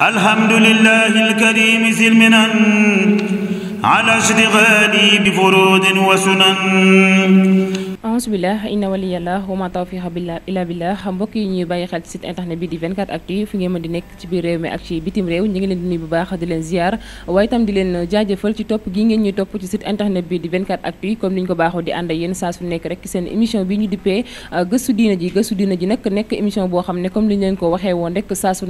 alhamdulillahi alkarim silminan ala ishtighali bi furudin wa sunan ahousubillah inna waliyallah wa ma tawfiqa billah illa billah mbokk yi ñuy bàyyi xel ci site internet bi di 24 actu fu ngeen mën di nekk ci biir réew mi ak ci bitim réew ñu leen di nuyu bu baax di leen ziar waaye itam di leen jaajëfal ci topp gi ngeen ñi topp ci site internet bi di 24 actu comme ni ñu ko baaxoo di ànd ak yéen saa su nekk rek seen émission bi ñu dippee euh, gëstu diina ji gëstu diina ji nag nekk émission boo xam ne comme li ñu leen ko waxee woon rek saa su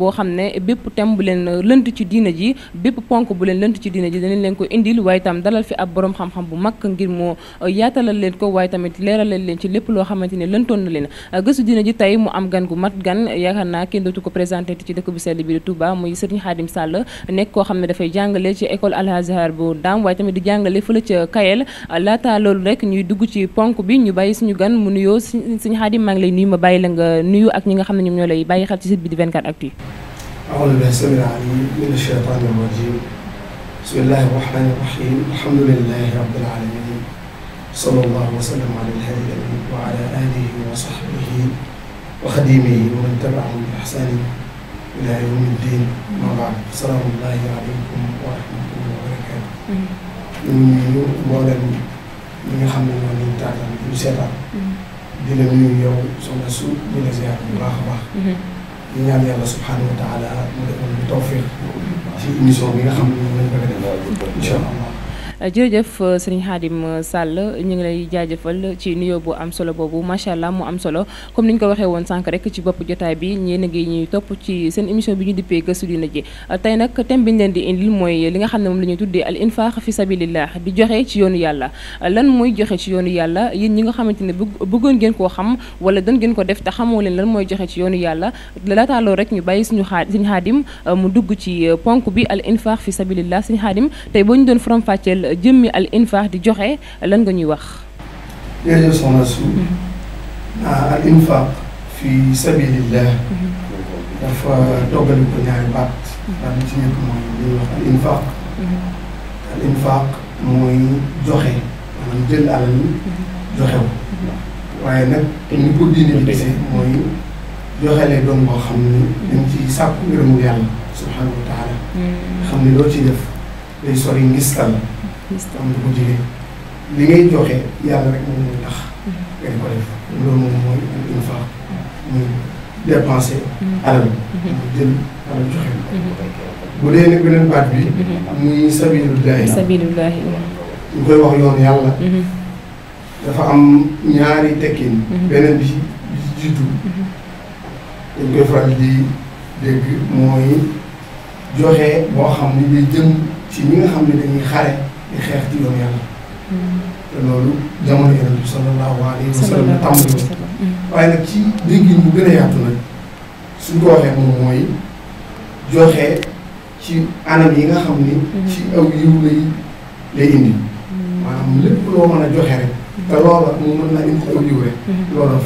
boo xam ne bépp thème bu leen lënt ci diina ji bépp ponk bu leen leen lënt ci diine ji danañ leen ko indil waaye tam dalal fi ab borom xam-xam bu mag ngir moo uh, yaatalal leen ko waaye tamit leeralal leen ci lépp loo xamante ne lëntoon na leen uh, gëstu diine ji tey mu am gan gu mat gan yaakaar naa kenn dootu ko présenté ci dëkk bu sell bi di Touba muy Serigne Khadim Sall nekk koo xam ne dafay jàngale ci école Al bu Daam waaye tamit di jàngale fële ca Kayel uh, laata loolu rek ñuy dugg ci ponk bi ñu bàyyi suñu gan mu nuyoo Serigne Khadim maa ngi lay nuyu ma bàyyi la nga nuyu ak ñi nga xam ne ñoom ñoo lay bàyyi xel ci bismillahi rahmani rahim alhamdulilahi rabbil alamin sallallahu wa sallam ala alhadi alamin wa ala alihi wa sahbihi wa xadimihi wa man tabaahum bi ihsanin ila yawmi ddin ma baad salaamullahi aleykum wa rahmatullahi wa barakatu ñu nuyu mboolem ñi nga xam ne ñoo ñu taataan ñu seetaan di la nuyu yow soxna su di la ziar bu baax a baax ñu mm-hmm. ñaan yàlla subhanahu wa taala mu defoon ñu tawfiq ci émission bi nga xam ne moom lañ bëgg a def. incha allah jërëjëf euh, sëriñ Xaadim Sall ñu ngi lay jaajëfal ci nuyoo bu am solo boobu macha allah mu am solo comme ni ñu ko waxee woon sànq rek ci bopp jotaay bi ñeen a ngi ñuy topp ci seen émission bi ñu dippee gëstu dina ji leen di indil mooy li nga xam ne moom la ñuy tuddee al infaq fi sabilillah di joxe ci yoonu yàlla lan mooy joxe ci yoonu yàlla yéen ñi nga xamante ne bëggoon ngeen koo xam wala dan ngeen ko def te xamoo leen lan mooy joxe ci yoonu yàlla laataa loolu rek ñu bàyyi suñu xaa suñu xaadim euh, mu dugg ci euh, ponk bi al infaq fi sabilillah suñu xaadim ñu doon faram fàcceel daal jëmmi al infaq di joxe lan nga ñuy wax. jërëjëf soxna su al infaq fi sabilillah mm-hmm. dafa dogal ko ñaari baat. Mm-hmm. Mm-hmm. al infaq. mooy joxe maanaam jël alal yi waaye nag ni ko diine gisee mooy joxelee doom boo xam ni dañ ci sàkku ngërëmu yàlla subhaanahu wa taala xam ni loo ci def day sori ngistal am du ko jëlee li ngay joxe yàlla rek moom mooy tax nga di ko def loolu moom mooy infaq muy dépenser mm-hmm. alal mm-hmm. mu jël joxe mm-hmm. bu dee nag beneen baat bi muy sabilullahi sabilullahi ñu koy wax yoon yàlla dafa am ñaari tekkin beneen bi bi jiddu dañ koy faral di dégg mooy joxe boo xam ne day jëm ci ñi nga xam ne dañuy xare di xeex ci yoon yàlla. Mm-hmm. te loolu jamono yonent bi sallallahu alayhi wa sallam tàmbali woon mm-hmm. ci déggin bu gën a yaatu nag suñ ko mooy joxe ci anam yi nga xam ni. Mm-hmm. ci aw yiw lay lay indi. maanaam lépp loo mën a joxe rek. te loola mu mën na indi aw yiw rek. loolu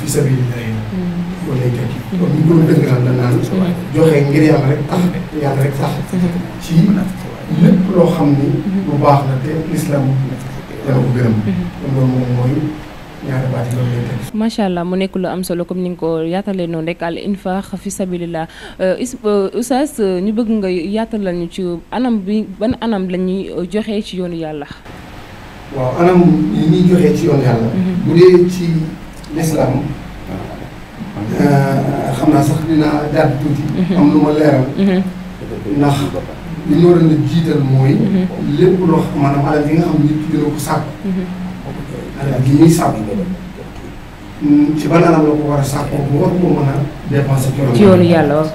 lay tekki. kon ñu gën a dëgg daal joxe ngir yàlla rek tax yàlla ci. lépp loo xam ni lu baax la te l'islam dana ko gërëm kon mhm. loolu moom mooy allah mu nekk lu am solo comme ni nga ko yaatalee noonu rek al infaq fi sabilillah euh, euh, oustaz euh, ñu bëgg nga yaatalal ñu ci anam bi ban anam la ñuy joxee ci yoonu yàlla mhm. xam naa sax dinaa daat tuuti mhm. am lu ma leeral ndax li ñu waroon a jiital mooy. Mhm. lépp loo xam maanaam alal yi nga xam nit ki dina ko sàkk. Mhm. alal yi ñuy sàkk. Mm, ci ban anam la ko war a sàkkoo bu war ko mën a dépenser ci yoonu yàlla ok.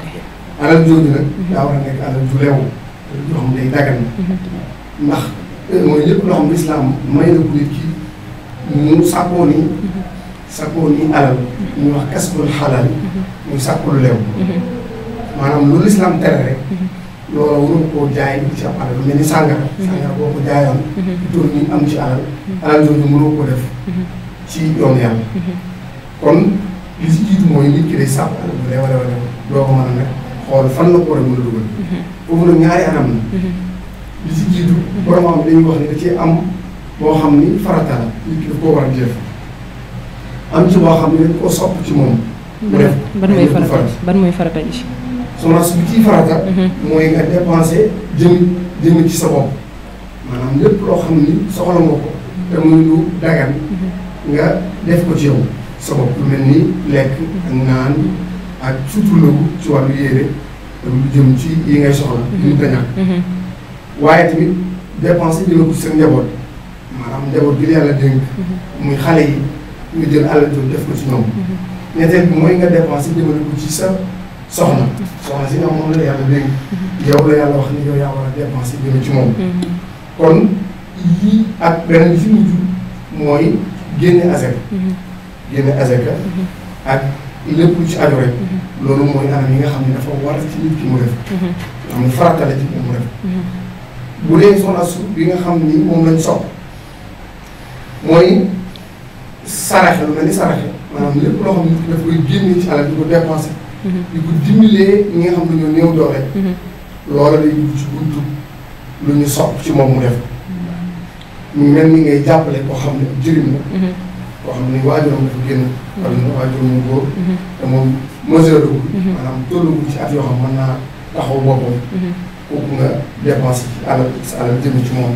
alal jooju nag. Mhm. daa war a nekk alal ju leew. loo xam day dagan na. ndax euh, mooy lépp loo xam lislaam may na ko nit ki mu sàkkoo ni. sàkkoo ni alal. muy wax kasbul xalaal. muy sàkku lu leew. maanaam lu lislaam tere rek. loolu waroon koo jaay ci am alal mel ni sàngara. Mhm. sàngara boo ko jaayoon. doon mhm. ñu am ci alal. Mhm. alal jooju mënoo ko def. ci yoon yàlla. kon li ci jiitu mooy nit ki day sàpp alal bu leew a leew doo ko mën a nag xool fan la ko war a mën a dugal. foofu nag ñaari anam la. li ci jiitu. borom am dañuy wax ne da ci am boo xam ni farata la nit ki daf koo war a jëf am ci boo xam ne dañ koo sopp ci moom. mu def ban mooy farata ban mooy farata ji. semence bi ciy farata. Mhm. mooy nga dépensé jëm jëm ci sa bopp maanaam lépp loo xam ni soxla nga ko te muy lu dagan mhm. nga def ko ci yow sa bopp lu mel ni lekk ak naan ak surtout ci wàllu yére ak lu ci yi ngay soxla lu mhm. mu ñàkk waaye tamit dépensé jëla ko seen njaboot maanaam njaboot bi la xale yi nga jël àll jooju def ko ci ñoom ñetteel bi mooy nga dépensé jëmale ko ci sa soxna soxna si ñoom moom la yàlla dégg yow la yàlla wax ni yow yaa war a dépense yi kon yii ak beneen bi si mujj mooy génne asaka génne asaka ak lépp ci aju loolu mooy anam yi nga xam ne dafa war ci nit ki mu def am na farata la ci mu def bu dee soxna su bi nga xam ni moom lañ mooy saraxe lu mel ni saraxe maanaam lépp loo xam ne nit ki daf koy génne ci alal di ko dépensé di ko dimbalee ñi nga xam ne ñoo néew doole. Mhm. loola day dugg ci buntu lu ñu sopp ci moom mu def ko. mel ni ngay jàppale koo xam ne jëriñ la. Mhm. koo xam ne waajuram dafa génn. Mhm. wala waajuram mu góor. te moom mesure dugg. maanaam tollagul ci at yoo xam mën naa taxaw boppam. kooku nga dépense ci alal sa alal jëm ci moom.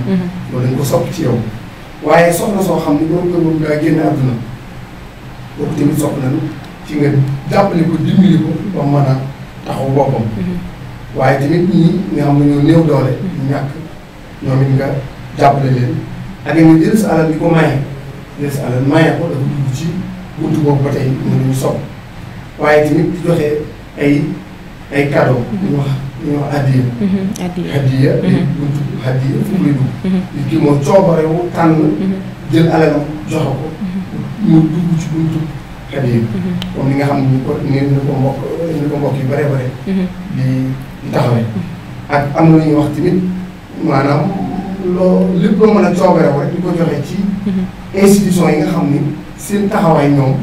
loolu dañ ko sopp ci yow. waaye soxna soo xam ne borom kër boobu daa génn àdduna. kooku tamit sopp nañu. ci nga jàppale ko dimbali ko ba mën a taxaw boppam. Mm-hmm. waaye tamit ñi nga xam ne ñoo néew doole. ñàkk ñoom it nga jàppale leen ak nga jël sa di ko maye jël sa alal maye ko dafa dugg ci buntu boobu ba tey ñu ñu sopp waaye tamit joxe ay ay cadeau. Mm-hmm. ñu wax ñu di mm-hmm. buntu addiya fu muy dugg. nit ki moo coobarewu tànn jël alalam joxe ko. mu dugg ci buntu. xel comme ni nga xam ni ko ni ko mbokk ni ko mbokk yu bëree bëri. di di taxawee. ak am na lu ñuy wax tamit maanaam loo lépp loo mën a coobarew rek di ko joxe ci. institution yi nga xam ni seen taxawaay ñoom.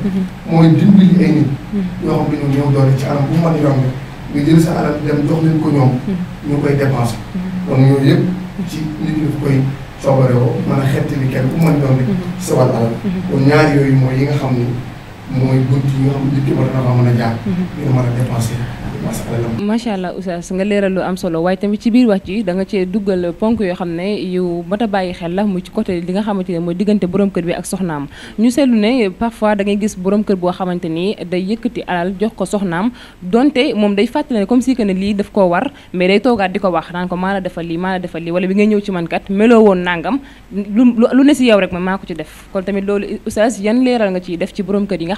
mooy dimbali ay nit. yoo xam ne ñoom ñëw doole ci anam bu mu mën a yomb nga jël sa alal dem jox leen ko ñoom. ñu koy dépensé. donc ñooñu yëpp ci nit ñi koy coobarewoo mën a xettali kenn bu mu mën a doon rek. sa wàll alal. kon ñaar yi nga xam ni. mooy bunt yi nga xam mhm. allah oustaz nga leeral lu am solo waaye tamit ci biir wax ci da nga cee duggal ponk yoo xam ne yu mat bàyyi xel la mu ci côté li nga xamante ne mooy diggante borom kër bi ak soxnaam ñu seetlu ne parfois da ngay gis borom kër boo xamante ni day yëkkati alal jox ko soxnaam donte moom day fàttali ne comme si que ne lii daf koo war mais day toogaat di ko wax naan ko maa la defal lii maa la defal lii wala bi ngay ñëw ci man kat meloo woon nangam lu lu ne si yow rek ma maa ko ci def kon tamit loolu oustaz yan leeral nga ciy def ci borom kër yi nga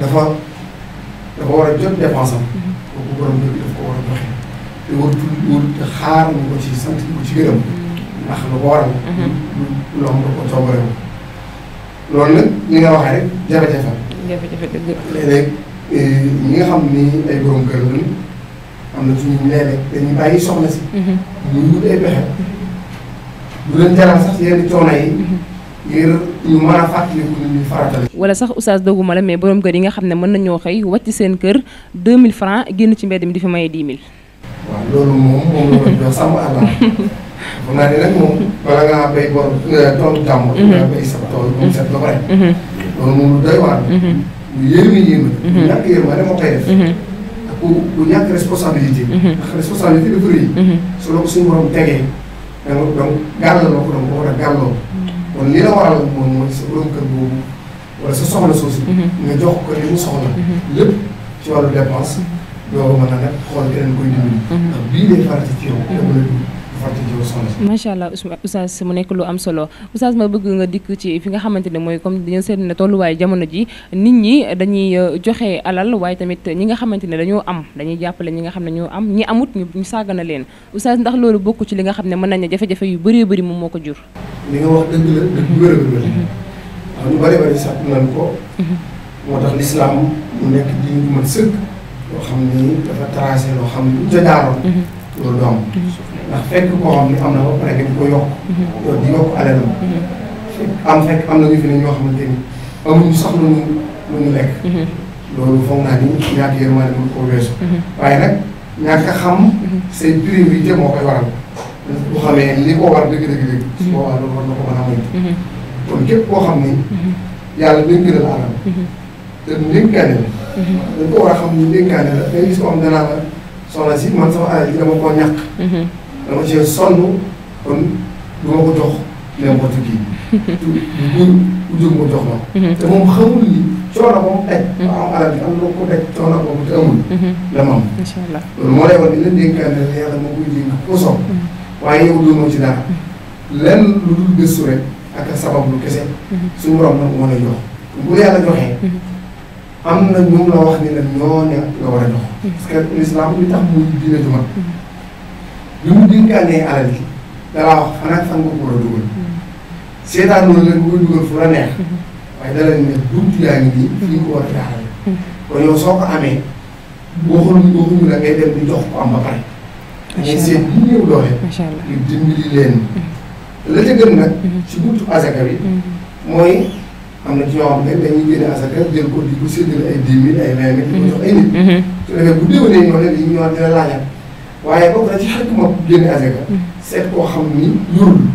dafa dafa war a jot dépense am. Mhm. kooku borom kër gi daf ko war a joxe. te war wër te xaar nga ko ci sant ko ci gërëm. Mhm. ndax lu ko waral. Mhm. lu loo xam ne ko coobaree wu. loolu nag li nga waxee rek jafe-jafe la. jafe-jafe dëgg la léeg-léeg eh, ñi nga xam ni ay borom kër lañ am na suñu léeg-léeg dañuy bàyyi soxna ngir ñu mën a fàttaliku ni ñuy faratale wala sax oustaz dogguma la mais borom kër yi nga xam ne mën nañoo xëy wàcc seen kër 2000 francs génn ci mbedd mi di fi maye 10 000. waaw loolu moom moom la doon jox sàmm àllam. xam naa ne nag moom wala euh, mhm. mhm. lu doy waar. Mhm. lu yéeme yéeme. lu ñàkk yërmande moo koy def. ku ñàkk responsabilité. ndax responsabilité dafa rëy. su la suñu borom tegee. donc donc gàllanoo ko donc boo ko def gàllanoo. kon li la waraloon moom mooy sa borom kër boobu wala sa soxla soosu. Mhm. nga jox ko li mu soxla. Mhm. lépp ci wàllu dépense. doo ko mën a nekk xool keneen koy dimbali. Mhm. ndax bii day faral ci yow. da macha allah oustaz mu nekk lu am solo oustaz ma bëgg nga dikk ci fi nga xamante ne mooy comme dañoo seetlu ne tolluwaay jamono ji nit ñi dañuy euh, joxe alal waaye tamit ñi nga xamante ne dañoo am dañuy jàppale ñi nga xam ne ñoo am ñi amut ñu sàggana leen oustaz ndax loolu bokk ci li nga xam ne mën nañ ne jafe-jafe yu bëree bëri moom moo ko jur li nga wax dëgg la dëgg wér wér ndax ñu mhm. mu nekk di mën sëkk loo xam ni dafa tracé loo xam ni jodaaroon mhm. loolu du am mhm. ndax fekk koo xam ne o na ba pare dañ ko yokk. yow mhm. di yokk alalam. Mhm. am fekk am na ñu fi ne ñoo xamante ni amuñu sax lu ñu lu ñu lekk. Mhm. loolu foog naa ni ñaata yërmande mën koo weesu. waaye nag ñàkk a xam. say priorité moo koy waral. bu xamee li ko war dëgg-dëgg. su war na ko mën a o kon képp koo xam ni. yàlla dénk na la alal. te ndénkaane la. dañ ko war a ni ndénkaane la day gis ko am danaa la soxna si man sama alal ji dama koo ñàkk. dama cee sonn kon du ma ko jox n'importe qui. du du ma jox ma. Mhm. te moom xamul ni coono moom daj. waaw mhm. alal bi am ko daj coono boobu te amul. Mhm. la ma am. incha allah loolu moo lay wax ni la dénkaan ne yàlla moo koy dénk ku soog. waaye yow doo ma ci dara. lenn lu dul gëstu rek ak sabab lu kese. suñu borom nag moo lay jox. bu yàlla joxee. am na ñoom la wax ni la ñoo ne nga war a jox. parce que l'islam li tax muy diine ju mag. bi mu dénkaanee alal gi dalaa wax fan fan nga ko war a dugal. seetaan noonu la nga koy dugal fu la neex. waaye dala ne buntu yaa ngi nii. fi nga a jaarale. kon soo ko amee. boo xoolee boo xoolee da ngay dem di jox ko am ba pare. macha allah seet ñi néew doole. macha allah ñu dimbali leen. Mm-hmm. la ca gën nag. Mm-hmm. ci buntu asaka bi. Mm-hmm. mooy am na ci ñoo xam ne dañuy génne asaka jël ko di ko séddale ay waaye boobu da ci xarit moom génne azeka mm. seet koo xam ni yorul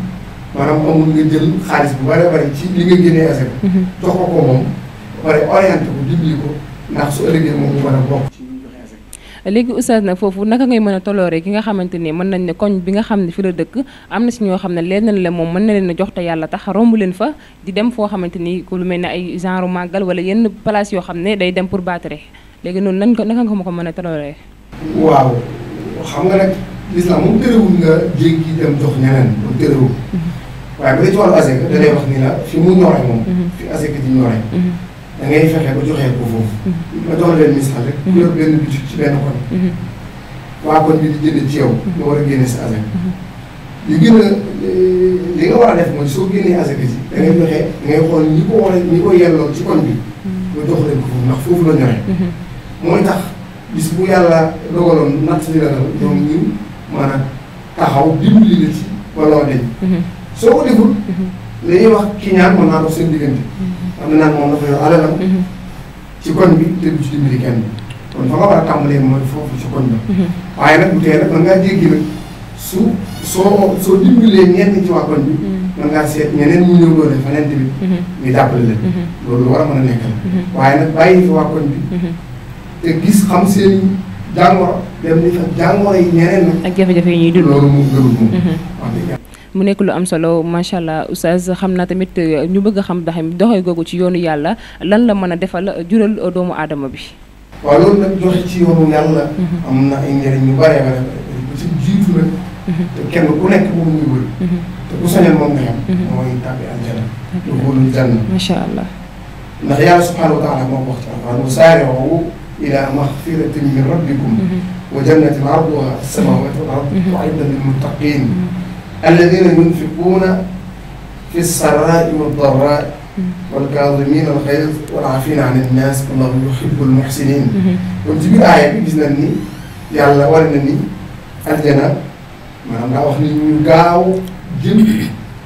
maanaam amul nga jël xaalis bu bari bari ci li nga génnee azeka mm-hmm. jox ko ko moom bare orienté ko dimbali ko ndax su ëllëgee moom mu mën a bokk ki nga xamante ni mën nañ ne koñ bi nga xam ne fi la dëkk am na si ñoo xam ne lenn la moom mën na leen a jox te yàlla tax romb leen fa di dem foo xamante ni ku lu mel ne ay genre màggal wala yenn place yoo xam ne day dem pour battre léegi noonu nañ ko naka nga ma ko mën a tolooree waaw xam nga nag l'islam moom tërëwul nga jéggi dem jox ñeneen moom tërëwul mm-hmm. waaye bu dee ci wàllu aseka da lay wax ni la fi mu ñoree moom mm-hmm. fi aseka di ñoree mm-hmm. da ngay fexe ba joxee ko foofu ma jox leen misaal rek ku yor benn bitik ci benn kon waa kon bi di jënd ci yow nga war a génne sa aseka li gën a li nga war a def mooy soo génnee aseka ji da ngay joxe ngay xool ñi ko war a ñi ko yelloon ci kon bi nga jox leen ko foofu ndax foofu la ñoree mooy bis bu yàlla dogaloon natt li la dal ñoom ñu mën a taxaw dimbali la ci waloo deñ mhm. soo ko deful la mhm. ñuy wax ki ñaan mën naa dox seen diggante mhm. am na naan moom dafa yor alalam ci kon bi te du ci dimbali kenn kon fa nga war a tàmbalee mooy foofu ci kon bi waaye nag bu tee nag man ngaa jéggi nag su soo soo dimbalee ñenn ci waa kon bi man ngaa seet ñeneen ñu ñëw doole faneen tamit ñu jàppale leen loolu lu war a mën a nekk la waaye nag bàyyi fi waa kon bi te gis xam seen jàngoro dem ni fa jàngoro yi ñeneen ak jafe-jafe yi ñuy dund loolu moom mhm. gënul mu nekk lu am solo macha allah xam naa tamit euh, ñu bëgg a xam ndax doxe googu ci yoonu yàlla lan la mën a defal jural doomu aadama bi. waaw mhm. mhm. moom muy wër. te bu soñal moom إلى مغفرة من ربكم وجنة عرضها السماوات والأرض أعدت للمتقين الذين ينفقون في السراء والضراء والكاظمين الغيظ والعافين عن الناس والله يحب المحسنين. kon ci biir aaya bi gis nañ ni yàlla war na ni aljana maanaam daa wax ni ñu gaaw jëm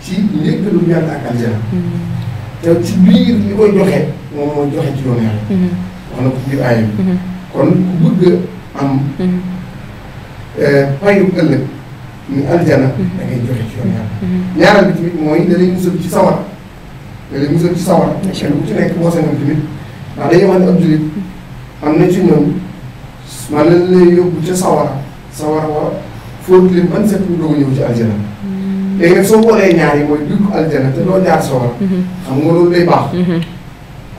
ci njëkkalum yàlla ak aljana. te ci biir li koy joxe moom mooy joxe ci yoonu yàlla. wax na ko ci biir aaya bi mhm. ku bëgg am mhm. eh, ni aljana mhm. da ngay joxe ci yoon yàlla ñaareel bi tamit mooy da lay musal ci sawar da lay musal ci sawar kenn ku ci nekk boo sañoon tamit ndax day yemale ab julit am na ci ñoom man la lay yóbbu ca sawara sawara wa fóot leen ban set ñu doog a ñëw ci aljana léegi nag soo boolee ñaar yi mooy dugg aljana te doo jaar sawara xam nga loolu day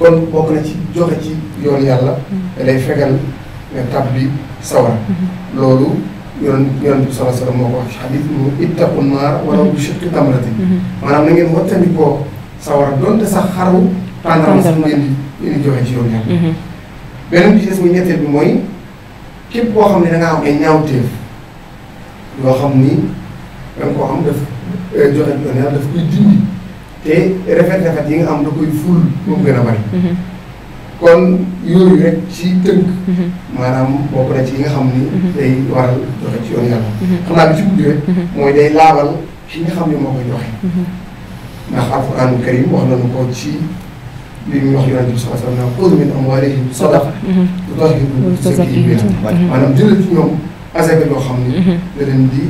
kon bokk na ci joxe ci yoon yàlla mm-hmm. day fegal nga tàbbi sawara mm-hmm. loolu yoon yoon bi sallallahu alayhi wa sallam moo ko wax ci xadis mu ittaqu naar walaw bi shiqqi tamrati mm-hmm. maanaam na ngeen wattandikoo sawara donte sax xaru tàndarma sax ngeen di ngeen di joxe ci yoon yàlla beneen bi ci des muy ñetteel bi mooy képp koo xam ne da ngaa am ay ñaawteef yoo xam ni da nga koo xam daf eh, joxe yoon yàlla daf koy dindi te rafet rafet yi nga am da koy ful moom gën a bari mhm. kon yooyu rek ci tënk mhm. maanaam bokk na ci yi nga xam ni mhm. day waral joxe ci yoon xam naa bi ci guddi rek mooy day laabal ki nga xam ne moo koy joxe ndax alquranul karim wax nañu ko ci li ñuy wax yonent bi sallallahu alayhi wa sallam xuz min amwaalihim sadaqa tutahhiruhum maanaam xam ni da leen di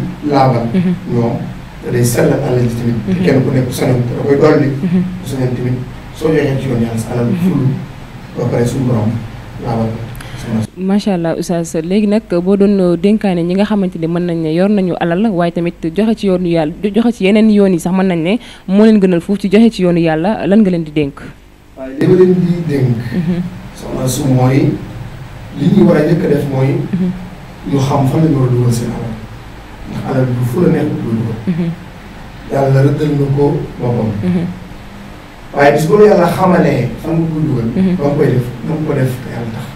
da day sellal alal ji tamit. te mm-hmm. kenn ku nekk bu mm-hmm. sañoon soo joxee ci yoon yàlla sa alal mm-hmm. ful ba pare suñu borom laabal allah oustaz léegi nag boo doon dénkaane ñi nga xamante ne mën nañ ne yor nañu alal waaye tamit joxe ci yoonu yàlla joxe ci yeneen yoon yi sax mën nañ ne moo leen gënal foofu ci joxe ci yoonu yàlla lan nga leen di dénk. waaye li leen di dénk. soxna su mooy li ñu war a njëkk def mooy. ñu xam fan la ñu war a dugal alal bi fu la neex duñu ko mhm. yàlla rëddal na ko boppam mhm. waaye bis boobu yàlla xamalee fan nga koy dugal mhm. ba nga koy def na nga ko def te yàlla tax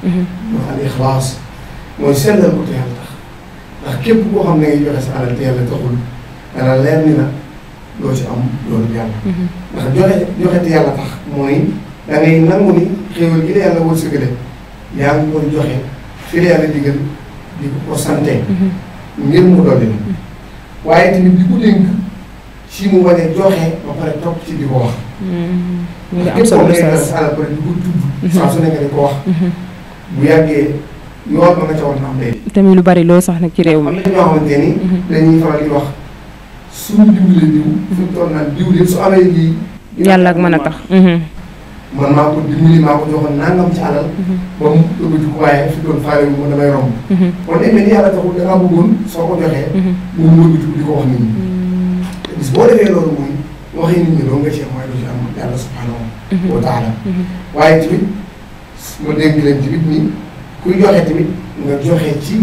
moo al ixlaas mooy sellal ko te yàlla tax ndax képp koo xam ne ngay joxe sa alal te yàlla taxul dana leer ni la doo ci am loolu yàlla ndax joxe joxe te yàlla mooy da ngay nangu ni xéewal gi la yàlla wërsëgale yaa la yàlla digal di ngir mu dolli waaye tamit li ko dénk ci mu wane joxe ba pare topp ci di ko wax. ñu mm-hmm. am solo sax képp koo ko tudd. Mm-hmm. saa su nekk di ko wax. Mm-hmm. bu yàggee yoon ba nga ca war tamit lu bari loolu sax nag ci réew mi. am na ñoo xamante ni. dañuy faral di wax suñu dimbalee diw. fi mu toll naan diw su amee lii. yàlla ak mën a tax. man maa ko dimbali maa ko joxoon nangam ci alal. Mm-hmm. ba mu ëpp waaye fi doon fayoo mu damay romb. Mm-hmm. kon day mel ni yàlla taxul da ngaa bëggoon soo ko joxee. moom mm-hmm. di ko wax nit ñi. te bis boo defee loolu moom waxee nit ñi doo nga cee mooy lu ci am yàlla subhanahu wa taala waaye tamit ma dégg leen tamit ni kuy joxe tamit nga joxe ci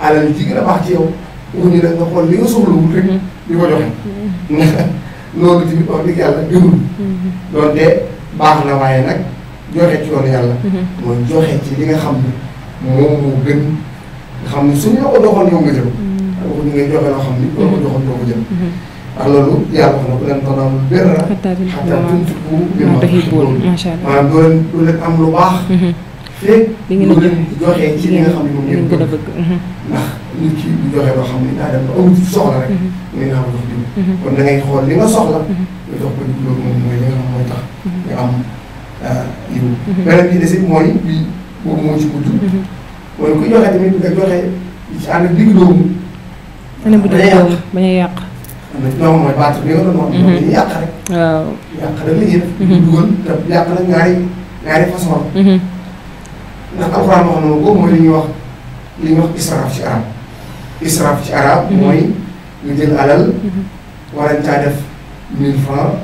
alal ji gën a baax ci yow waxuñu nag nga li nga soxlawul rek di ko joxe. ndax loolu tamit wax dëgg yàlla gënul. donte. baax na waaye nag joxe ci yoonu yàlla. Mm-hmm. mooy joxe ci li nga xam ne moom moo gën nga xam ne suñu la ko doxoon yow nga jëm. Mm-hmm. waxuñu nga joxe loo xam ni boo ko doxoon mm-hmm. doo ko jëm. ndax loolu yàlla wax na ku leen tanaalul birra hattaa tunfiqu mimmaa tuhibbuun maanaam doo leen am lu baax. feeg doo leen joxe ci li nga xam ne moom ngeen bëgg. ndax nit ki du joxe loo xam ne daa dem ba amul soxla rek. nga xam ne kon da ngay xool li donc loolu moom mooy li nga xam mooy tax. ñu am yiw. beneen bi des mooy bii boobu moo ci gudd. mooy ku joxe tamit nga joxe ci ànd ak digg doomu. bañ a yàq bañ a yàq. ñoom mooy baatu bi nga doon wax. ñoom dañuy yàq rek. waaw yàq rek la ñuy def. ñu dugal te yàq nag ñaari ñaari façon la. ndax alxuraan ko mooy li ñuy wax li ñuy wax israaf ci arab israaf arab mooy ñu jël alal. war nañ def. mille francs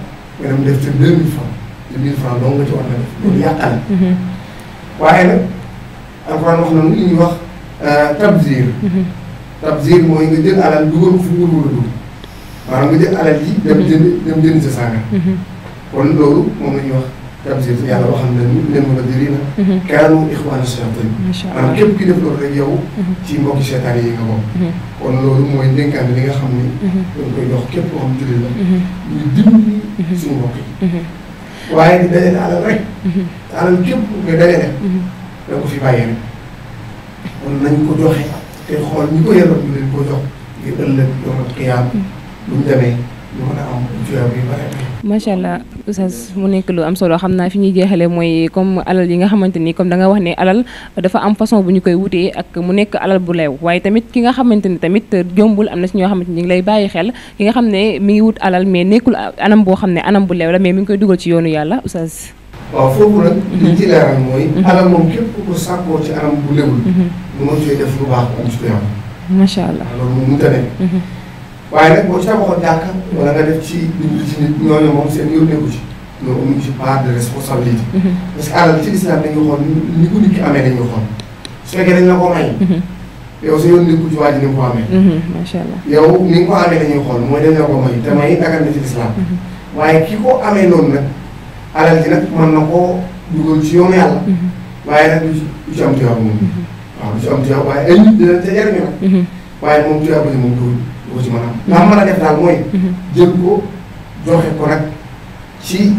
nga dem def ci deux mille francs te mille francs dong nga ci war na def loolu yàqal mm-hmm. waaye nag alxuraan wax na mu li ñuy wax euh, tabzir mm-hmm. jël alal dugal ko fu mu wóor wóor maanaam nga jël alal yi dem jënd dem jënd sa sànga mm-hmm. kon loolu moom la ñuy wax Tamsir yàlla waxam na ni leen ma dirina kaanu ixwaana seetaan maanaam képp ki def loolu rek yow ci mbokki seetaan yi nga bokk kon loolu mooy ndénkaan li nga xam ni dañ koy jox képp koo xam jullit la ñu dimbali suñu mbokk yi waaye di dajale alal rek te alal képp nga dajale da ko fi bàyyi rek kon nañ ko joxe te xool ñu ko yelloo ñu leen ko jox ngir ëllëg yomal xiyaam bu ñu demee ñu mën a am tuyaab yu bare macha allah mu nekk lu am solo xam naa fi ñuy jeexale mooy comme alal yi nga xamante ni comme da nga wax ne alal dafa am façon bu ñu koy wutee ak mu nekk alal bu leew waaye tamit ki nga xamante ni tamit jombul am na si ñoo xamante ni ñu ngi lay bàyyi xel ki nga xam ne mi ngi wut alal mais nekkul anam boo xam ne anam bu leew la mais mi ngi koy dugal ci yoonu yàlla oustaz waaw foofu nag mhm. liñ ci mhm. mhm. def lu baax am ci ko yàlla macha allah loolu moom mënta ne waaye nag boo ci tabaxoon jàkk wala nga def ci dimbali ci nit ñooñu moom seen yoon nekku ci ñoo amuñu ci part de responsabilité. Mhm. parce que alal ci lislaam dañuy xool ni ko nit ki amee dañuy xool su fekkee dañ la ko may. Mhm. yow sa yoon ni nga ko amee. Mhm, macha allah yow ni nga ko amee dañuy xool mooy dañ la ko may te may dagal na ci lislaam waaye ki ko amee noonu nag alal ji nag mën na koo dugal ci yoonu yàlla. waaye nag du ci du ci du ko ci mën a am. la mën a def daal mooy. Mhm. jël ko joxe ko nag ci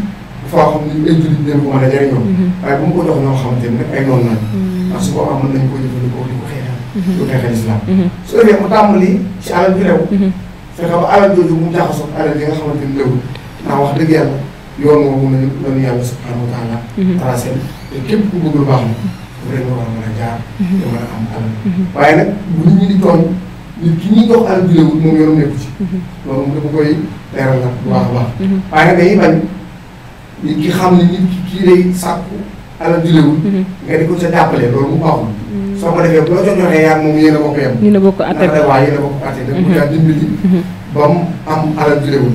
foo xam ne ay jullit dinañ ko mën a jëriñoo. Mhm. waaye bu mu ko jox ñoo xamante ne nag ay noonu lañ. Mhm. parce que boobaa mën nañu ko jëfandikoo di ko xeexal. di ko xeexal islam. su defee mu tàmbali ci alal ju réew. fexe ba alal jooju mu jaxasoo alal yi nga xamante ni réewul ndax wax dëgg yàlla yoon moom lañu lañu yàlla subhanahu wa taala tracé te képp ku bëgg lu baax na. vraiment war a mën a jaar. te mën a am alal. waaye nag bu nit ñi di tooñ. nit ki ñuy jox àll julewul moom yoonu nekku ci. Mhm. loolu moom dafa koy leeral la bu baax a baax. Mhm. waaye nag dañuy bañ nit ki xam ne nit ki kii day sàkku àll julewul. Mhm. nga di ko ca jàppale loolu mu baaxul. soo ko defee bu la joxee yaa moom yéen a bokk yem. yéen a bokk àtte bi waaw yéen a bokk àtte. dañ ko caa dimbali. ba mu am àll julewul.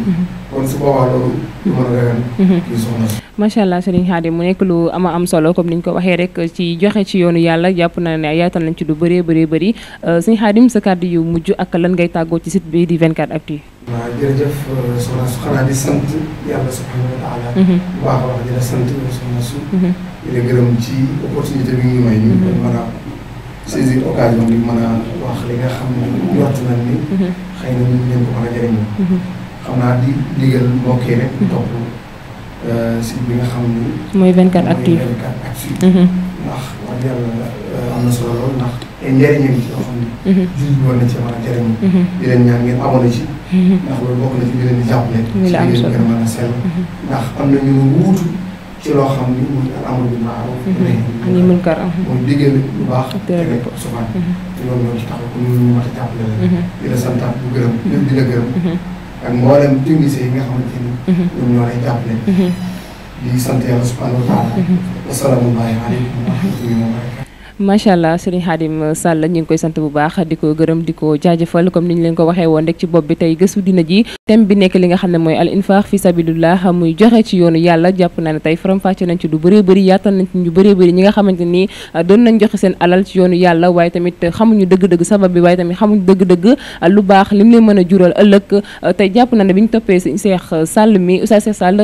kon su boobaa loolu. Mhm. macha allah sëriñ Xaadim mu nekk lu ama am solo comme niñ ko waxee rek ci joxe ci yoonu yàlla jàpp na ne yaatal nañ ci lu bëree bëree bëri sëriñ Xaadim euh, sa kàddu yu mujj ak lan ngay tàggoo ci site bi di 24 actu. waaw jërëjëf euh, soxna su xanaa di sant yàlla subhanahu wa taala mhm. bu baax a baax di la sant soxna su mhm. di la gërëm ci opportunité bi ñu may ñu mën a saisir occasion bi mën a wax li nga xam ne jot nañ ni xëy na ñu leen ko mën a jëriñoo xam naa di digal mbokk yi rek. topp euh, site bi nga xam ni. mooy 24 actu mooy 24 actu. ndax wax yàlla euh, am na solo lool ndax ay njëriñam ci yoo xam ne. Mhm. jullit war na ci a mhm. mhm. loolu bokk na a lu baax. te rek loolu ci taxaw ko ñu mën a jàppale la. di santaat bu gërëm ñun gërëm. ak mboolem techniciens yi nga xamante ni. Mhm. ñoom ñoo lay jàppale. Mhm. di sant yàlla subhanahu wa taala. asalaamaaleykum wa rahmatulah. macha allah sëriñ Xaadim Sall ñu ngi koy sant bu baax di ko gërëm di ko jaajëfal comme ni ñu leen ko waxee woon rek ci bopp bi tey gëstu dina ji thème bi nekk li xam ne mooy al infaq fi sabilillah muy joxe ci yoonu jàpp naa ne tey faram-fàcce nañ ci lu bëree bëri yaatal nañ ci ñu bëree bëri ñi nga xamante nii ah, nañ joxe seen alal yoonu yàlla waaye tamit xamuñu dëgg-dëgg sabab bi waaye tamit xamuñu dëgg-dëgg ah, lu baax lim leen mën a jural ëllëg ah, tey jàpp naa ne bi ñu toppee Seex Sall mi Oustaz Seex Sall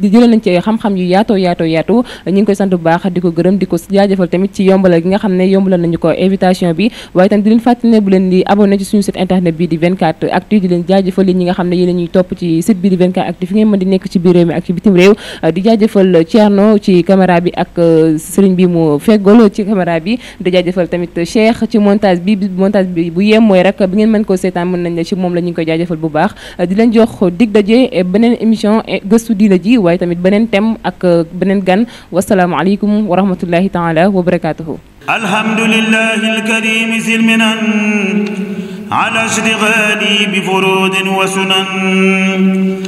di jëlee nañ ci xam-xam yu yaatoo yaatoo yaatu ñu ngi koy sant bu baax di ko gërëm di ko jaajëfal tamit ci yombalal gi nga xam ne yombalal nañu ko invitation bi waaye tam di leen fàttali ne bu leen di suñu site internet bi di 24 actu di leen jaajëfal yéen ñi nga xam ne yéen ñuy topp ci site bi di 24 actu ak ci euh, euh, bi mu feggol ci caméra bi di jaajëfal tamit Cheikh ci montage bi montage bi bu yem mooy rek bi ngeen mën koo seetaan mën nañ ci moom la koy jaajëfal bu baax euh, di leen jox dig daje beneen émission gëstu diina ji waaye tamit beneen thème ak beneen gan wasalaamaaleykum wa rahmatullahi عنه الحمد لله الكريم زلمنا على اشتغالي بفروض وسنن